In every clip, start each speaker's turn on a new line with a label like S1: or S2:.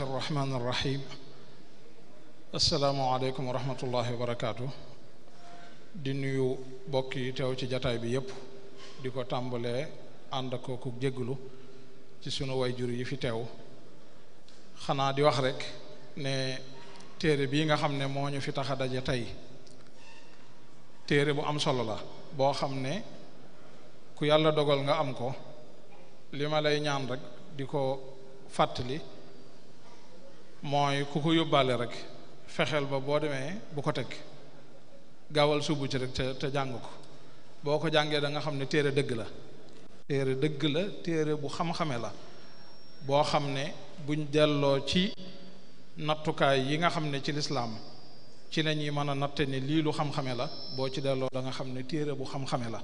S1: bismillahi arrahmani irrahim asalaamualeykum wa di nuyu bokk yi teew ci jataay bi yépp di ko tàmbalee ànd ak kooku jégglu ci sunu wayjur yi fi teew xanaa di wax rek ne téere bii nga xam ne moo ñu fi tax a daje tey téere bu am solo la boo xam ne ku yàlla dogal nga am ko li ma lay ñaan rek di ko fàttali mooy ku ko yóbbaale rek fexeel ba boo demee bu ko teg gaawal suubu ci rek te te jàng ko boo ko jàngee da nga xam ne téere dëgg la téere dëgg la téere bu xam-xame la boo xam ne buñ delloo ci nattukaay yi nga xam ne ci lislaam ci la ñuy mën a natte ne lii la boo ci delloo da nga xam ne téere bu xam-xame la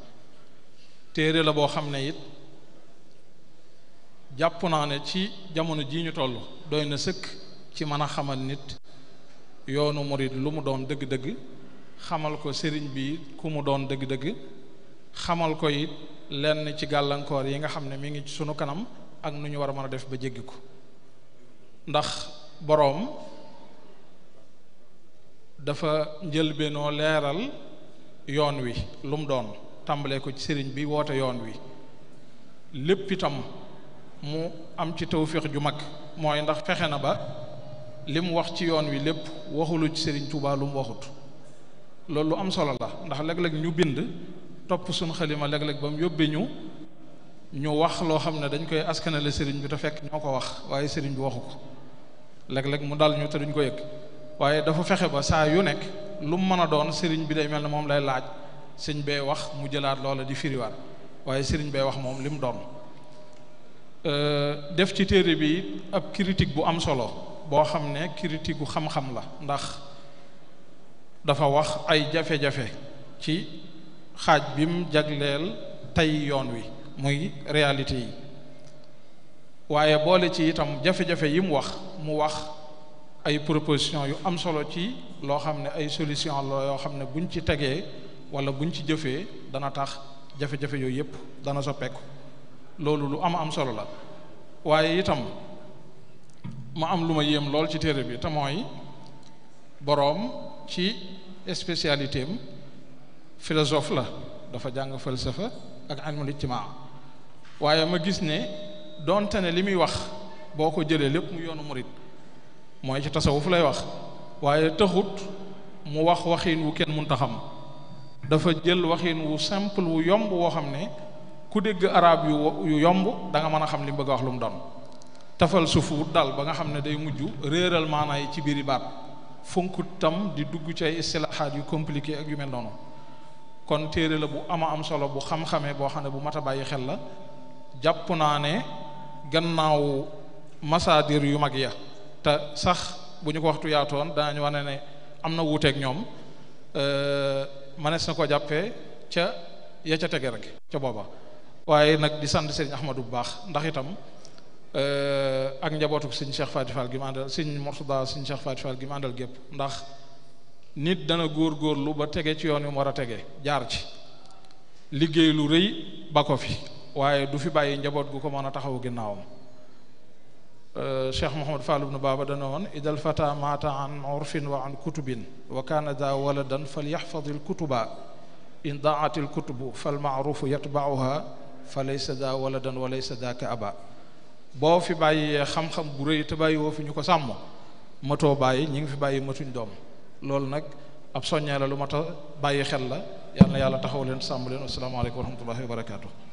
S1: téere la boo xam ne it jàpp naa ne ci jamono jii ñu toll doy na sëkk ci mën a xamal nit yoonu morit lu mu doon dëgg-dëgg xamal ko sëriñ bi ku mu doon dëgg-dëgg xamal ko it lenn ci gàllankoor yi nga xam ne mi ngi ci sunu kanam ak nu ñu war a mën a def ba jéggi ko ndax boroom dafa njëlbeenoo leeral yoon wi lu mu doon tàmbalee ko ci sëriñ bi woote yoon wi lépp itam mu am ci tawféex ju mag mooy ndax fexe na ba lim wax ci yoon wi lépp waxulu ci Serigne Touba lu waxut loolu am solo la ndax leg leg ñu bind top sun khalima leg leg bam yobbe ñu ñu wax lo xamne dañ koy le Serigne bi ta fekk ñoko wax waye Serigne bi waxuko leg leg mu dal ñu te duñ ko yëg waye dafa fexe ba sa yu nek lu mëna doon Serigne bi day melni mom lay laaj serigne bee wax mu jëlaat loola di firi waat waye Serigne bee wax mom lim doon euh def ci téré bi ab critique bu am solo. boo xam ne critique gu xam-xam la ndax dafa wax ay jafe-jafe ci xaaj bi mu jagleel tey yoon wi muy réalité yi waaye boole ci itam jafe-jafe yi mu wax mu wax ay proposition yu am solo ci loo xam ne ay solution la yoo xam ne buñ ci tegee wala buñ ci jëfee dana tax jafe-jafe yooyu yëpp dana soppeeku loolu lu am am solo la waaye itam ma am lu ma yéem lool ci téere bi te mooy boroom ci spécialité am philosophe la dafa jàng falsafa ak ilmul ijtimaa waaye ma gis ne donte ne li muy wax boo ko jëlee lépp mu yoonu murit mooy ci tasawuf lay wax waaye taxut mu wax waxin wu kenn mënta xam dafa jël waxin wu simple wu yomb woo xam ne ku dégg arab yu yu yomb da nga mën a xam li mu bëgg a wax lu mu doon tafal sufuut daal ba nga xam ne day mujj réeral maanaa yi ci yi baat funkut tam di dugg ci ay istilahaat yu compliqué ak yu mel noonu kon téere la bu ama am solo bu xam-xamee boo xam ne bu mat a bàyyi xel la jàpp naa ne gannaaw masaadir yu mag ya te sax bu ñu ko waxtu yaatoon ñu wane ne am na wuuteeg ñoom manees na ko jàppee ca ya ca tege rek ca booba waaye nag di sant Serigne Ahmadou bu baax ndax itam ak njabootu seigne Cheikh fadi Fall gi mandal seigne sëñ seigne Cheikh fadi Fall gi mandal gep ndax nit dana lu ba tege ci yoon wi mu tege jaar ci liggey lu reuy bako fi waye du fi baye njabot gu ko mën taxaw ginnaawam Cheikh Mouhamad Fall ibn Baba dana woon idal fata mata an urfin wa an kutubin wa kana da waladan falyaxfad kutuba in daat alkutubu kutubu yatbauha fa laysa da waladan wa laysa da ka boo fi bàyyee xam-xam bu rëy te bàyyi woo fi ñu ko sàmm matoo bàyyi ñu ngi fi bàyyi matuñ doom loolu nag ab soññee la lu mat a bàyyi xel la yàlla na yàlla taxaw leen sàmm leen asalaamaaleykum wa rahmatullahi wa barakaatu.